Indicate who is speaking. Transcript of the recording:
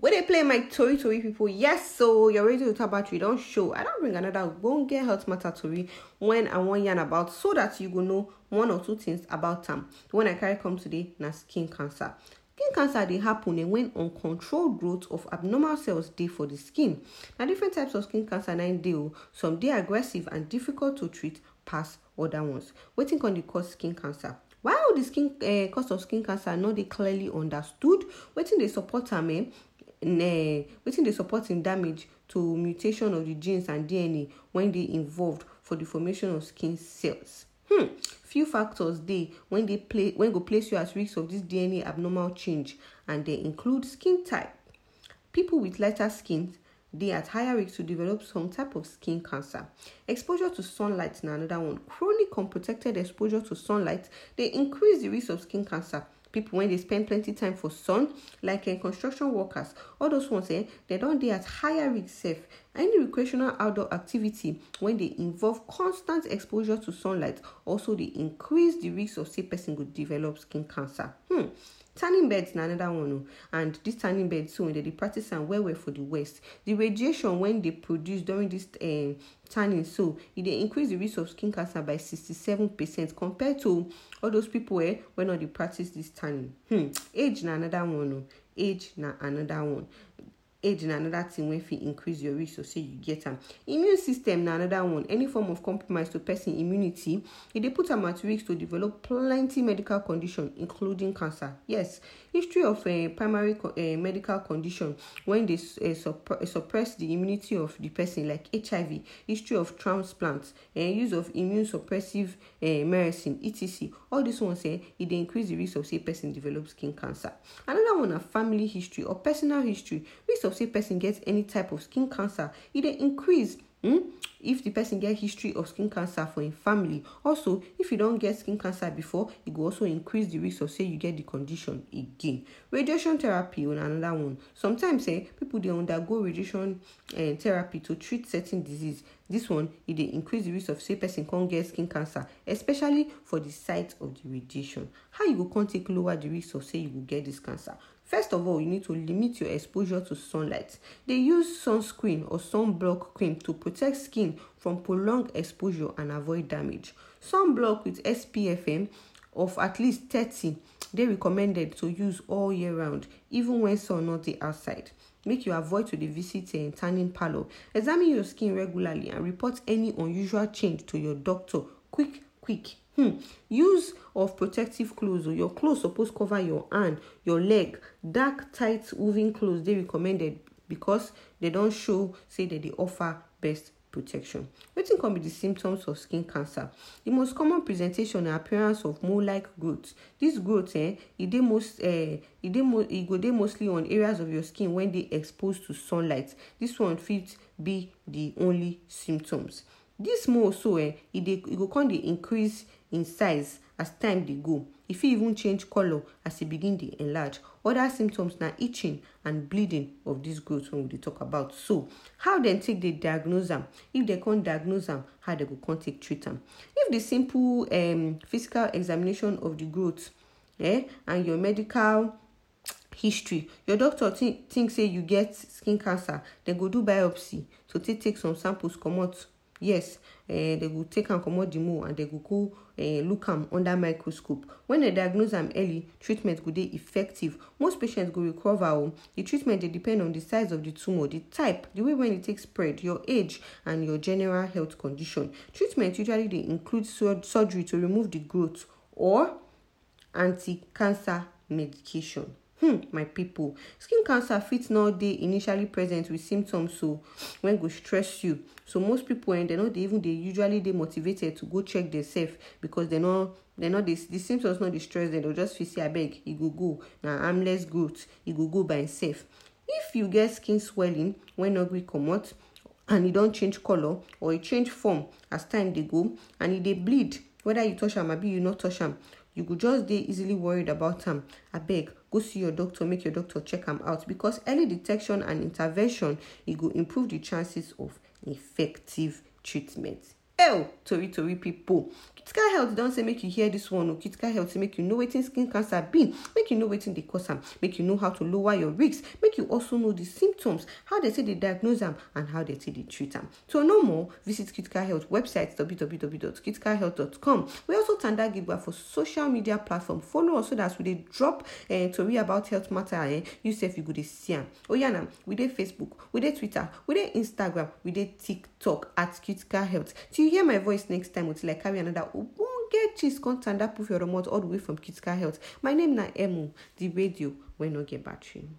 Speaker 1: Where they play my tory tory people, yes, so you're ready to talk about you don't show. I don't bring another won't get hurt matter tory. when I want yarn about so that you go know one or two things about them. The one I carry come today na skin cancer. Skin cancer they happen when uncontrolled growth of abnormal cells do for the skin. Now different types of skin cancer nine deal oh. Some they aggressive and difficult to treat pass other ones. Waiting on the cause skin cancer? While the skin uh, cause of skin cancer Not clearly understood, wetin dey support them, eh, wetin dey support im damage to mutation of the genes and dna when dey involved for the formation of skin cells hmm, few factors dey when they play when go place you at risk of this dna abnormal change and they include skin type people with lighter skin dey at higher risk to develop some type of skin cancer. Exposure to sunlight na another one. Chronic unprotected exposure to sunlight dey increase the risk of skin cancer people when they spend plenty time for sun like in construction workers all those ones eh, they don't they at higher risk safe. Any recreational outdoor activity, when they involve constant exposure to sunlight, also they increase the risk of say person could develop skin cancer. Hmm. Tanning beds na another one, and this tanning bed so when they, they practice and well well for the west. The radiation when they produce during this uh, tanning so it they increase the risk of skin cancer by sixty seven percent compared to all those people eh, when not they practice this tanning. Hmm. Age na another one, age na another one age na another thing wey fit increase your risk so say you get am immune system na another one any form of compromise to person immunity e dey put am at risk to develop plenty medical condition including cancer yes history of uh, primary co uh, medical condition when dey uh, eh, suppress the immunity of the person like hiv history of transplant uh, use of immune suppressive uh, medicine etc all these ones eh it dey increase the risk of say person develop skin cancer another one na family history or personal history risk of of say person gets any type of skin cancer e increase um, if the person get history of skin cancer for im family also if you don't get skin cancer before it e will also increase the risk of say you get the condition again radiation therapy na another one sometimes say eh, people they undergo radiation eh, therapy to treat certain disease this one e dey increase the risk of say person can get skin cancer especially for the site of the radiation how you go take lower the risk of say you go get this cancer First of all, you need to limit your exposure to sunlight. They use sunscreen or sunblock cream to protect skin from prolonged exposure and avoid damage. Sunblock with SPFM of at least 30 they recommended to use all year round even when sun not the outside make you avoid to the visit um, tanning parlour examine your skin regularly and report any unusual change to your doctor quick quick hmm. use of protective clothes o your clothes suppose cover your hand your leg dark tight woven clothes They recommended because they don't show say that they offer best protection What can be the symptoms of skin cancer The most common presentation na appearance of mole like growth dis growth eh, e dey most eh, e dey mo e go dey mostly on areas of your skin when they exposed to sunlight This one fit be the only symptoms This mole so eh, it e dey it e go con dey increase in size as time they go If e fit even change color as e begin dey enlarge other symptoms now itching and bleeding of this growth when we talk about so how dem take the diagnose them? if they can't diagnose them, how they go con take treat them? if the simple um, physical examination of the growth eh, and your medical history your doctor think think say you get skin cancer then go do biopsy So take take some samples come out yes uh, they will take am comot the mole and they will go uh, look am under microscope when they diagnose am early treatment go be effective most patients go recover o oh. the treatment they depend on the size of the tumor, the type the way when it e takes spread your age and your general health condition treatment usually they include sur surgery to remove the growth or anti-cancer medication hmm my people. skin cancer fit no dey initially present with symptoms so wen go stress you so most pipo eh, dem no dey even dey usually dey motivated to go check demsef because dem no dem no dey the symptoms no dey stress dem dem just feel say abeg e go go na harmless growth e go go by imsef if you get skin swelling wey no gree comot and e don change colour or e change form as time dey go and e dey bleed whether you touch am abi you no touch am you go just dey easily worried about am abeg go see your doctor make your doctor check am out because early detection and intervention e go improve the chances of effective treatment hell tori tori pipo critical health don say make you hear dis one o critical health say make you know wetin skin cancer be make you know wetin dey cause am make you know how to lower your risk make you also know the symptoms how dem say dey diagnose am and how dem say dey treat am to know more visit critical health website www.criticalhealth.com we also tanda gigba for social media platform follow us so dat we dey drop eh, tori about health matter eh, you sef you go dey see am oyanam we dey facebook we dey twitter we dey instagram we dey tiktok at critical health till hear my voice next time until I carry another oh, get gist con tanda proof your remote all the way from critical health my name na emu the radio when I get battery.